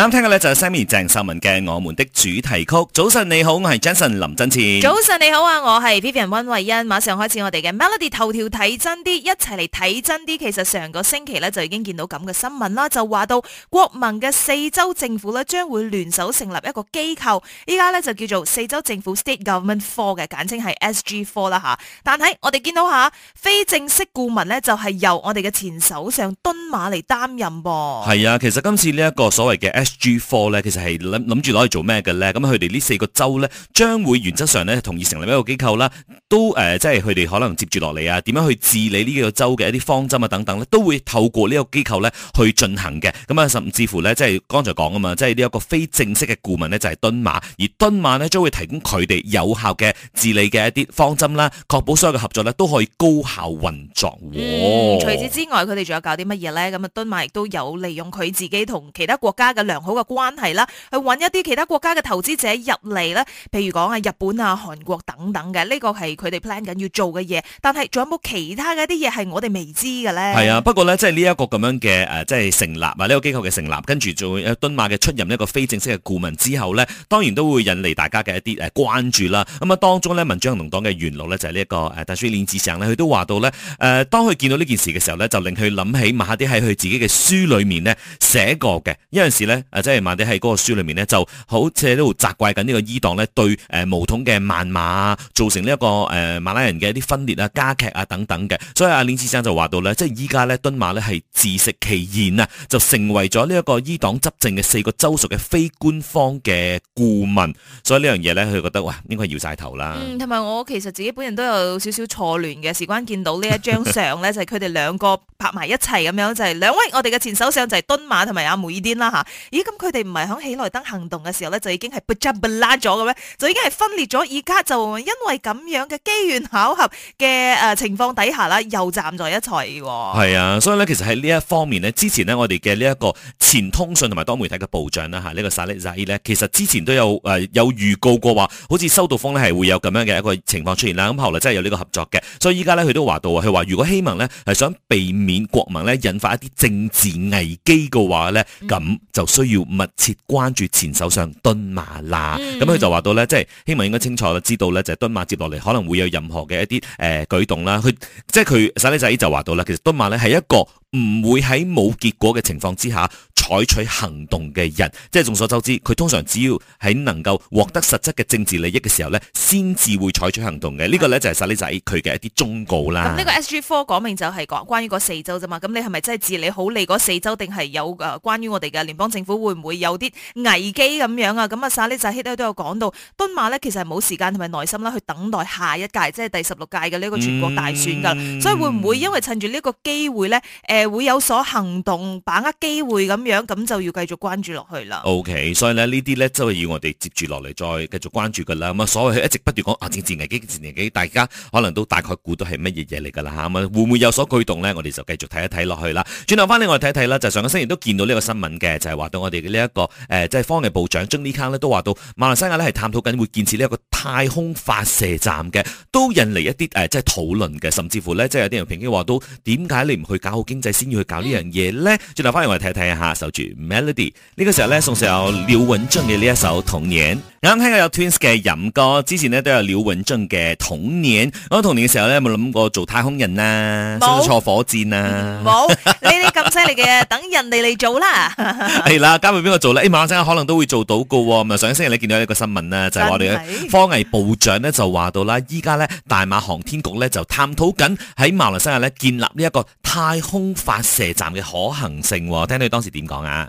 啱聽嘅咧就係 Sammy 鄭秀文嘅我們的主題曲。早晨你好，我係 Jason 林俊賢。早晨你好啊，我係 Vivian 温慧欣。馬上開始我哋嘅 Melody 頭條睇真啲，一齊嚟睇真啲。其實上個星期咧就已經見到咁嘅新聞啦，就話到國民嘅四州政府咧將會聯手成立一個機構，依家咧就叫做四州政府 State Government Four 嘅，簡稱係 SG Four 啦吓。但喺我哋見到吓，非正式顧問咧就係由我哋嘅前首相敦馬嚟擔任噃。係啊，其實今次呢一個所謂嘅 S G Four 咧，其實係諗諗住攞嚟做咩嘅咧？咁佢哋呢四個州咧，將會原則上咧同意成立一個機構啦。都、呃、即係佢哋可能接住落嚟啊，點樣去治理呢個州嘅一啲方針啊等等咧，都會透過呢個機構咧去進行嘅。咁、嗯、啊，甚至乎咧，即係剛才講啊嘛，即係呢一個非正式嘅顧問咧，就係敦馬，而敦馬咧將會提供佢哋有效嘅治理嘅一啲方針啦，確保所有嘅合作咧都可以高效運作。嗯，除此之外，佢哋仲有搞啲乜嘢咧？咁啊，敦馬亦都有利用佢自己同其他國家嘅良好嘅關係啦，去揾一啲其他國家嘅投資者入嚟咧，譬如講啊日本啊、韓國等等嘅，呢個係佢哋 plan 緊要做嘅嘢。但係仲有冇其他嘅一啲嘢係我哋未知嘅咧？係啊，不過咧，即係呢一個咁樣嘅、呃、即係成立啊呢、呢個機構嘅成立，跟住再敦馬嘅出任一個非正式嘅顧問之後咧，當然都會引嚟大家嘅一啲關注啦。咁、嗯、啊，當中咧，民主行動黨嘅元老咧，就係、是這個呃、呢一個誒大書鏈子上咧，佢都話到咧，當佢見到呢件事嘅時候咧，就令佢諗起某啲喺佢自己嘅書裡面咧寫過嘅有陣時咧。誒即係麻啲喺嗰個書裏面呢，就好似喺度責怪緊呢個伊黨呢對誒巫統嘅謾罵造成呢一個誒馬拉人嘅一啲分裂啊、加劇啊等等嘅。所以阿鍾先生就話到呢，即係依家呢，敦馬呢係自食其言啊，就成為咗呢一個伊黨執政嘅四個州屬嘅非官方嘅顧問。所以呢樣嘢呢，佢覺得哇，應該搖晒頭啦。嗯，同埋我其實自己本人都有少少錯亂嘅，事關見到呢一張相呢， 就係佢哋兩個拍埋一齊咁樣，就係、是、兩位我哋嘅前首相就係敦馬同埋阿梅伊丁啦嚇。咦，咁佢哋唔係喺喜來登行動嘅時候咧，就已經係不爭不拉咗嘅咩？就已經係分裂咗，而家就會會因為咁樣嘅機緣巧合嘅情況底下啦，又站在一齊喎。係啊，所以咧，其實喺呢一方面呢，之前呢，我哋嘅呢一個前通訊同埋多媒體嘅部長啦嚇，呢、呢個薩叻仔呢，其實之前都有有預告過話，好似收到風呢係會有咁樣嘅一個情況出現啦。咁後來真係有呢個合作嘅，所以依家呢，佢都話到佢話，如果希望呢，係想避免國民呢引發一啲政治危機嘅話呢，咁就、嗯。需要密切關注前首相敦馬啦，咁佢、嗯、就話到咧，即係希望應該清楚啦，知道咧就是，敦馬接落嚟可能會有任何嘅一啲誒、呃、舉動啦，佢即係佢細細仔就話，是，到啦，其實敦馬咧係一個。唔會喺冇結果嘅情況之下採取行動嘅人，即係眾所周知，佢通常只要喺能夠獲得實質嘅政治利益嘅時候咧，先至會採取行動嘅。這個，呢個咧就係薩利仔佢嘅一啲忠告啦。呢，嗯，這個 S G four 講明就係講關於個四周啫嘛。咁你係咪真係治理好你嗰四周，定係有誒，關於我哋嘅聯邦政府會唔會有啲危機咁樣啊？咁啊，嗯，薩利仔都有講到，敦馬呢其實係冇時間同埋耐心啦，去等待下一屆即係第十六屆嘅呢個全國大選噶。嗯，所以會唔會因為趁住呢個機會咧？誒、呃。誒，會有所行動，把握機會咁樣，咁就要繼續關注落去啦。OK，所以咧呢啲呢，就係要我哋接住落嚟再繼續關注噶啦。咁啊，所謂一直不斷講啊政治危機、政治危機，大家可能都大概估到係乜嘢嘢嚟噶啦吓。咁啊，會唔會有所舉動呢？我哋就繼續睇一睇落去啦。轉頭翻嚟我哋睇睇啦，就是、上個星期都見到呢個新聞嘅，就係、是、話到我哋嘅呢一個誒，即係方嘅部長 Jenly Kang 都話到馬來西亞咧係探討緊會建設呢一個太空發射站嘅，都引嚟一啲誒，即係討論嘅，甚至乎呢，即、就、係、是、有啲人曾經話到，點解你唔去搞好經濟？先要去搞這件事呢樣嘢咧，轉頭翻嚟我哋睇睇下，守住 Melody 呢、這個時候咧，送上廖允章嘅呢一首童年。啱聽過有 Twins 嘅飲歌，之前呢都有廖永俊嘅童年。我童年嘅時候咧，有冇諗過做太空人啊？想坐有火箭啊？冇，你啲咁犀利嘅， 等人哋嚟做啦。 係啦，交俾邊個做啦？誒，馬來西亞可能都會做到㗎。咁啊，上星期你見到一個新聞啦，就係、是、我哋嘅科藝部長咧就話到啦，依家咧大馬航天局咧就探討緊喺馬來西亞咧建立呢一個太空發射站嘅可行性，哦。聽到你當時點講啊？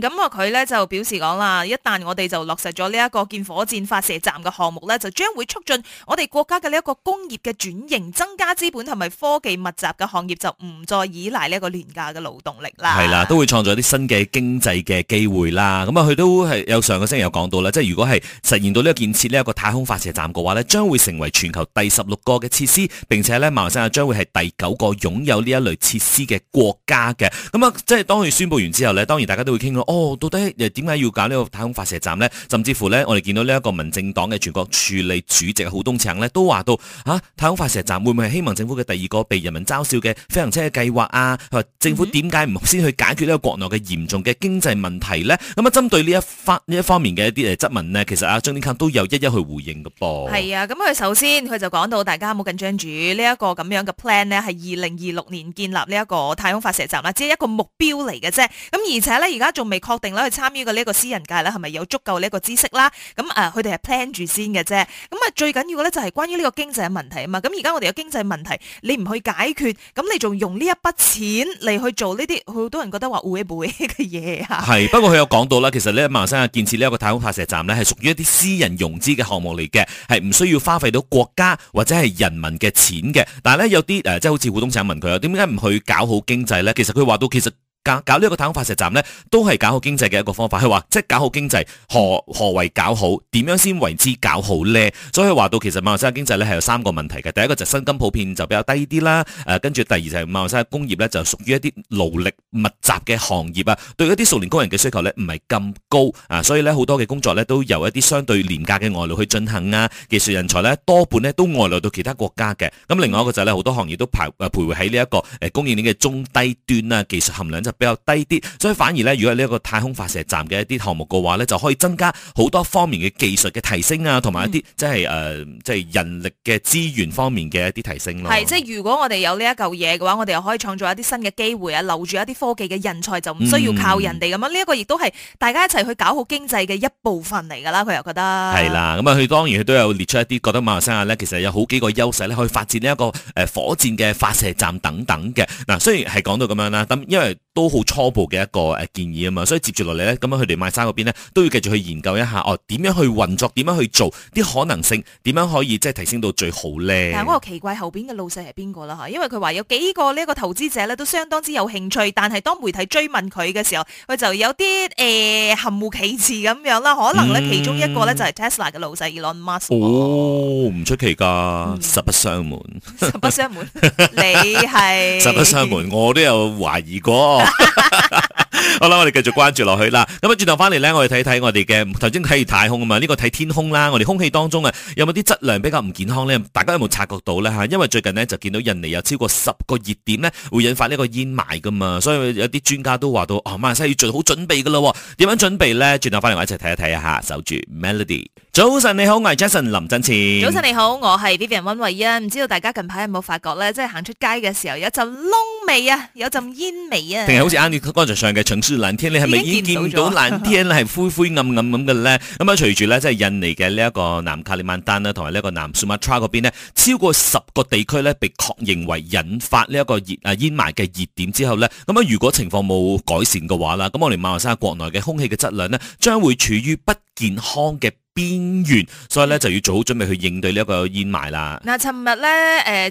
咁啊，佢咧、嗯、就表示講啦，一旦我哋就落實咗呢一個建火箭發射站嘅項目咧，就將會促進我哋國家嘅呢一個工業嘅轉型，增加資本同埋科技密集嘅行業，就唔再依賴呢一個廉價嘅勞動力啦。係啦，都會創造一啲新嘅經濟嘅機會啦。咁啊，佢都係有上個星期有講到啦，即係如果係實現到呢個建設呢一個太空發射站嘅話咧，將會成為全球第十六個嘅設施，並且咧，馬來西亞將會係第九個擁有呢一類設施嘅國家嘅。咁啊，即係當佢宣佈完之後咧，當然大家都會傾。哦，到底又點解要搞呢個太空發射站呢？甚至乎呢，我哋見到呢一個民政黨嘅全國署理主席胡棟強呢，都話到嚇、啊、太空發射站會唔會係希望政府嘅第二個被人民嘲笑嘅飛行車嘅計劃啊？佢話政府點解唔先去解決呢個國內嘅嚴重嘅經濟問題呢？咁啊、嗯，針對呢一呢一方面嘅一啲誒質問咧，其實阿張天康都有一一去回應㗎噃。係啊，咁佢首先佢就講到大家冇緊張住，這個、這呢一個咁樣嘅 plan 咧係二零二六年建立呢一個太空發射站啦，只係一個目標嚟嘅啫。咁而且呢，而家仲。未確定啦，去參與嘅呢一個私人界啦，係咪有足夠呢一個知識啦？咁啊，佢哋係 plan 住先嘅啫。咁啊，最緊要嘅咧就係關於呢個經濟嘅問題啊嘛。咁而家我哋有經濟問題，你唔去解決，咁你仲用呢一筆錢嚟去做呢啲好多人覺得話會唔會嘅嘢啊？係，不過佢有講到啦，其實呢馬生啊建設呢一個太空發射站咧係屬於一啲私人融資嘅項目嚟嘅，係唔需要花費到國家或者係人民嘅錢嘅。但係咧有啲誒，即、呃、係、就是、好似股東請問佢啊，點解唔去搞好經濟咧？其實佢話到其實，搞呢一個太空發射站呢，都係搞好經濟嘅一個方法。佢話即係搞好經濟，何何為搞好？點樣先為之搞好呢？所以話到其實馬來西亞經濟咧係有三個問題嘅。第一個就薪金普遍就比較低啲啦。誒、啊，跟住第二就係馬來西亞工業呢，就屬於一啲勞力密集嘅行業啊，對一啲熟練工人嘅需求呢，唔係咁高啊，所以呢，好多嘅工作呢，都由一啲相對廉價嘅外勞去進行啊。技術人才呢，多半呢，都外流到其他國家嘅。咁另外一個就係好多行業都排誒徘徊喺呢一個誒供應鏈嘅中低端啊，技術含量比較低啲，所以反而咧，如果呢一個太空發射站嘅一啲項目嘅話咧，就可以增加好多方面嘅技術嘅提升啊，同埋一啲、嗯、即係誒、呃，即係人力嘅資源方面嘅一啲提升咯。係，即係如果我哋有呢一嚿嘢嘅話，我哋又可以創造一啲新嘅機會啊，留住一啲科技嘅人才就唔需要靠人哋咁樣。呢一、嗯、個亦都係大家一齊去搞好經濟嘅一部分嚟㗎啦。佢又覺得係啦，咁啊，佢、嗯、當然佢都有列出一啲覺得馬來西亞咧，其實有好幾個優勢咧，可以發展呢一個誒火箭嘅發射站等等嘅。嗱、嗯，雖然係講到咁樣啦，咁因為都都好初步嘅一個誒建議啊嘛，所以接住落嚟咧，咁樣佢哋買山嗰邊咧都要繼續去研究一下哦，點樣去運作，點樣去做，啲可能性點樣可以即係提升到最好咧？但係我又奇怪後邊嘅老細係邊個啦吓？因為佢話有幾個呢個投資者咧都相當之有興趣，但係當媒體追問佢嘅時候，佢就有啲誒、呃、含糊其辭咁樣啦。可能咧其中一個咧就係 Tesla 嘅老細 Elon Musk、嗯、哦，唔出奇噶，實不相瞞、嗯，實不相瞞， 你係是實不相瞞，我都有懷疑過。 好啦，我哋繼續關注落去啦。咁啊，轉頭翻嚟呢，我哋睇睇我哋嘅頭先睇太空啊嘛，呢個睇天空啦。我哋空氣當中啊，有冇啲質量比較唔健康呢？大家有冇察覺到呢。吓？因為最近呢，就見到印尼有超過十個熱點呢，會引發呢個煙霾噶嘛。所以有啲專家都話到，哦，馬來西亞要做好準備噶啦。點樣準備呢？轉頭翻嚟我一齊睇一睇啊吓。守住 Melody。早晨你好，我係 Jason 林振前。早晨你好，我係 Vivian 溫慧欣。唔知道大家近排有冇發覺呢？即係行出街嘅時候有一陣窿。係啊， 有陣煙味啊，定係好似啱啱剛才上嘅城市藍天，你係咪已經見到藍天咧？係灰灰暗暗咁嘅咧。咁啊，隨住咧即係印尼嘅呢一個南卡里曼丹啦，同埋呢一個南蘇門答臘嗰邊呢，超過十個地區咧被確認為引發呢一個熱啊煙霾嘅熱點之後咧，咁啊，如果情況冇改善嘅話啦，咁我哋馬來西亞國內嘅空氣嘅質量呢，將會處於不健康嘅。邊緣，所以咧就要早準備去應對呢一個煙霾啦。嗱，尋日咧，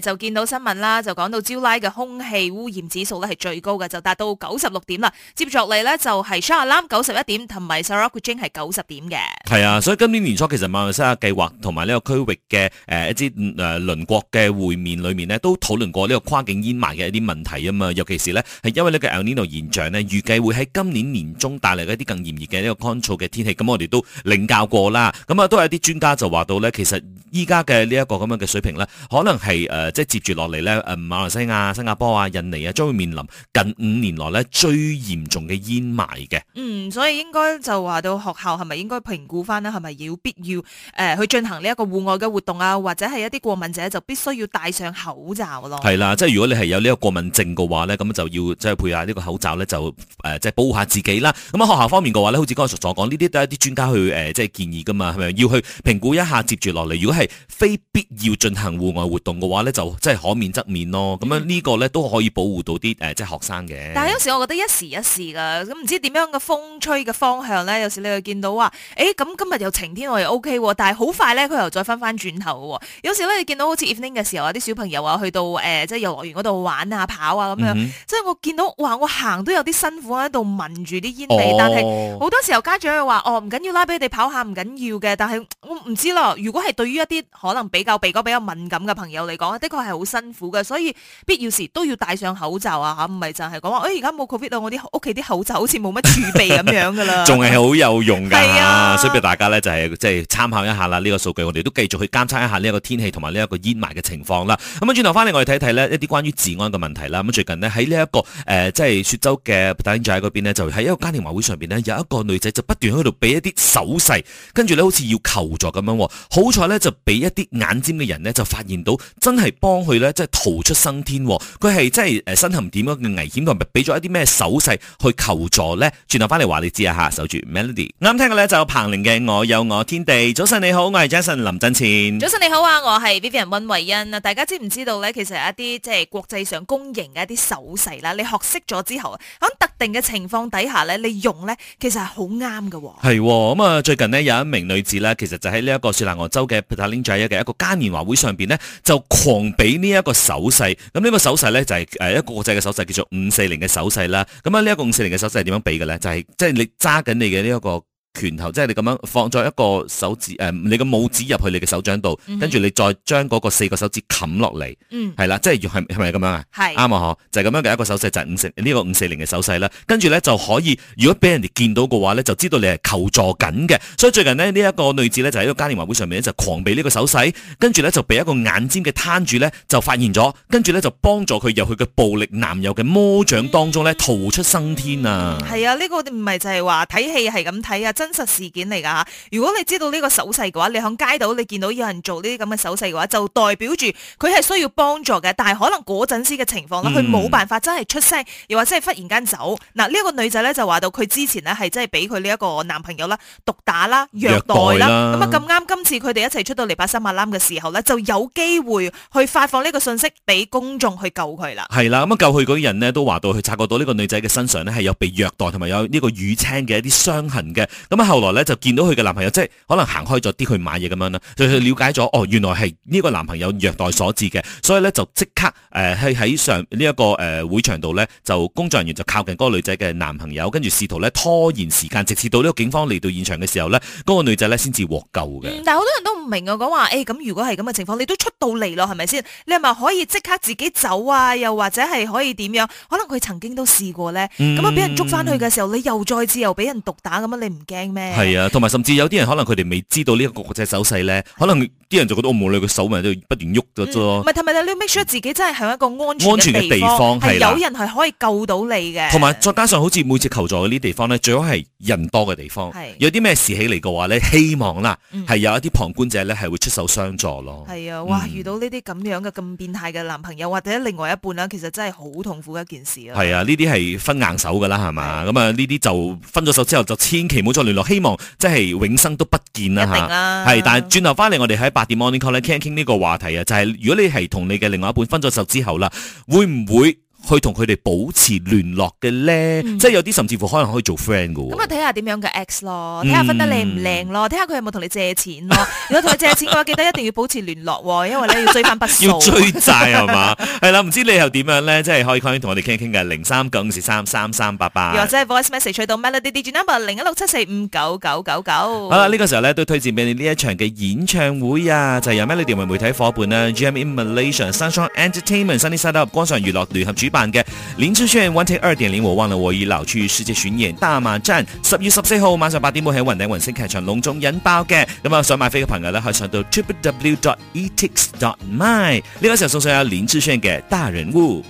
誒就見到新聞啦，就講到焦拉嘅空氣污染指數咧係最高嘅，就達到九十六點啦。接續嚟咧就係 Shah Alam 九十一點，同埋 Saraguing 係九十點嘅。係啊，所以今年年初其實馬來西亞計劃同埋呢個區域嘅誒一啲誒鄰國嘅會面裏面咧，都討論過呢個跨境煙霾嘅一啲問題啊嘛。尤其是咧係因為呢個 El Niño 現象咧，預計會喺今年年中帶嚟一啲更炎熱嘅呢個乾燥嘅天氣。咁我哋都領教過啦。咁啊、嗯，都有一啲專家就話到咧，其實依家嘅呢一個咁樣嘅水平咧，可能係誒即係接住落嚟咧誒，馬來西亞、新加坡啊、印尼啊，將會面臨近五年來咧最嚴重嘅煙霾嘅。嗯，所以應該就話到學校係咪應該評估翻呢，係咪有必要、呃、去進行呢一個戶外嘅活動啊，或者係一啲過敏者就必須要戴上口罩咯。係啦，即係如果你係有呢個過敏症嘅話咧，咁就要即係配下呢個口罩咧，就即係、呃即係、保護下自己啦。咁、嗯、啊，學校方面嘅話咧，好似剛才所講，呢啲都係一啲專家去即、呃即係、建議㗎嘛。啊，係咪要去評估一下接住落嚟？如果係非必要進行戶外活動嘅話咧，就即係可免則免咯。咁、嗯、樣呢個咧都可以保護到啲誒、呃、即係學生嘅。但係有時我覺得一時一時㗎，咁唔知點樣嘅風吹嘅方向咧？有時你又見到話，誒、欸、咁今日又晴天我又 O K，但係好快咧佢又再翻翻轉頭。有時咧你見到好似 evening 嘅時候啊，啲小朋友啊去到誒、呃、即係遊樂園嗰度玩啊跑啊咁樣，即、嗯嗯、以我見到哇我行都有啲辛苦喺度聞住啲煙味，哦、但係好多時候家長又話，哦唔緊要啦，俾你哋跑下唔緊要。嘅，但係我唔知啦。如果係對於一啲可能比較鼻哥比較敏感嘅朋友嚟講，的確係好辛苦嘅，所以必要時都要戴上口罩啊嚇，唔係就係講話，而、哎、家冇 cover 到我啲屋企啲口罩好像沒什麼備，好似冇乜儲備咁樣噶啦，仲係好有用㗎。係啊，所以俾大家咧就係即係參考一下啦。呢個數據我哋都繼續去監測一下呢一個天氣同埋呢一個煙霾嘅情況啦。咁啊，轉頭翻嚟我哋睇睇呢一啲關於治安嘅問題啦。咁、嗯、最近呢、這個，喺呢一個誒即係雪州嘅大英寨嗰邊咧，就喺一個家庭晚會上邊呢，有一個女仔就不斷喺度俾一啲手勢，跟住好似要求助咁樣，好彩咧就俾一啲眼尖嘅人咧就發現到，真係幫佢咧即係逃出生天。佢係真係誒身陷點樣嘅危險同埋，俾咗一啲咩手勢去求助咧？轉頭翻嚟話你知啊吓，守住 Melody。啱聽嘅咧就彭羚嘅《我有我天地》。早晨你好，我係 Jason 林振前。早晨你好啊，我係 Vivian 溫慧欣啊。大家知唔知道咧？其實一啲即係國際上公認嘅一啲手勢啦，你學識咗之後，特。定嘅情況底下咧，你用咧其實係好啱㗎喎。係咁啊！最近呢有一名女子咧，其實就喺呢一個雪蘭莪州嘅 Petaling Jaya 嘅一個嘉年華會上邊咧，就狂畀呢一個手勢。咁、嗯、呢、這個手勢咧就係誒一個國際嘅手勢，叫做五四零嘅手勢啦。咁、嗯、啊，呢、嗯、一、這個五四零嘅手勢係點樣畀嘅咧？就係、是、即、就是、你揸緊你嘅呢一個，拳頭，即係你咁樣放咗一個手指，誒、呃，你個拇指入去你嘅手掌度，跟住、嗯、哼你再將嗰個四個手指冚落嚟，嗯，係啦，即係係係咪咁樣啊？係啱啊，嗬，就咁、是、樣嘅一個手勢就是、五呢、這個五四零嘅手勢啦。跟住咧就可以，如果俾人哋見到嘅話咧，就知道你係求助緊嘅。所以最近呢，這個、呢一個女子咧就喺個嘉年華會上面咧就狂畀呢個手勢，跟住咧就俾一個眼尖嘅攤住咧就發現咗，跟住咧就幫助佢由佢嘅暴力男友嘅魔掌當中咧逃出生天啊！係、嗯嗯、啊，呢、這個唔係就係話睇戲係咁睇啊！真實事件嚟噶吓，如果你知道呢個手勢嘅話，你響街度你見到有人做呢啲咁嘅手勢嘅話，就代表住佢係需要幫助嘅。但係可能嗰陣時嘅情況呢，佢冇辦法真係出聲，又或者係忽然間走嗱。呢、呃、一、這個女仔咧就話到佢之前呢，係真係俾佢呢一個男朋友啦毒打啦虐，虐待啦。咁啊咁啱，今次佢哋一齊出到尼泊三馬拉嘅時候呢，就有機會去發放呢個信息俾公眾去救佢啦。係啦，咁啊救佢嗰啲人呢，都話到佢察覺到呢個女仔嘅身上呢，係有被虐待同埋有呢個瘀青嘅一啲傷痕嘅。咁後來咧就見到佢嘅男朋友，即係可能行開咗啲去買嘢咁樣啦，就去了解咗，哦，原來係呢個男朋友虐待所致嘅，所以咧就即刻誒去喺上呢一個誒會場度咧，就工作人員就靠近嗰個女仔嘅男朋友，跟住試圖咧拖延時間，直至到呢個警方嚟到現場嘅時候咧，嗰個女仔咧先至獲救嘅、嗯。但係好多人都唔明啊，講話誒咁，如果係咁嘅情況，你都出到嚟咯，係咪先？你係咪可以即刻自己走啊？又或者係可以點樣？可能佢曾經都試過咧。咁啊、嗯，俾人捉翻去嘅時候，你又再次又俾人毒打咁啊？你唔驚？係啊，同埋甚至有啲人可能佢哋未知道呢一個國際走勢咧，可能。啲人就覺得我冇、哦、你個手咪就不斷喐咗啫。唔係，同埋你 make sure 自己真係向一個安全嘅地方，係有人係可以救到你嘅。同埋再加上好似每次求助嘅呢啲地方咧，最好係人多嘅地方。是有啲咩事起嚟嘅話咧，希望啦係、嗯、有一啲旁觀者咧係會出手相助咯。係啊，哇！嗯、遇到呢啲咁樣嘅咁變態嘅男朋友或者另外一半啦、啊，其實真係好痛苦嘅一件事咯。係啊，呢啲係分硬手嘅啦，係嘛？咁啊，呢啲就分咗手之後就千祈唔好再聯絡，希望真係永生都不見啦、啊、吓，係、啊，但係轉頭翻嚟，我哋喺八點 Morning Call 咧，傾一傾呢個話題啊，就係、是、如果你係同你嘅另外一半分咗手之後啦，會唔會？去同佢哋保持聯絡嘅咧，即係有啲甚至乎可能可以做 friend 嘅喎。咁啊，睇下點樣嘅 ex 咯，睇下分得靚唔靚咯，睇下佢有冇同你借錢咯。如果同你借錢嘅話，記得一定要保持聯絡喎，因為咧要追翻筆數。要追債係嘛？係啦，唔知你又點樣咧？即係可以可以同我哋傾一傾嘅，零三九五四三三三八八，或者 voice message 到 Melody Digi Number 零一六七四五九九九九。好啦，呢個時候咧都推薦俾你呢一場嘅演唱會啊，就係由 Melody 為媒體夥伴啦，Gem Immolation Sunshine Entertainment Sunny Side Up 光尚娛樂聯合主。版嘅林志炫《One Take 二點零》，我忘了我已老去世界巡演大馬站，十月十四號晚上八點半喺雲頂雲星劇場隆重引爆嘅，咁啊想買飛嘅朋友咧，可以上到 www.etix.my，呢個時候，送上有林志炫嘅《大人物》。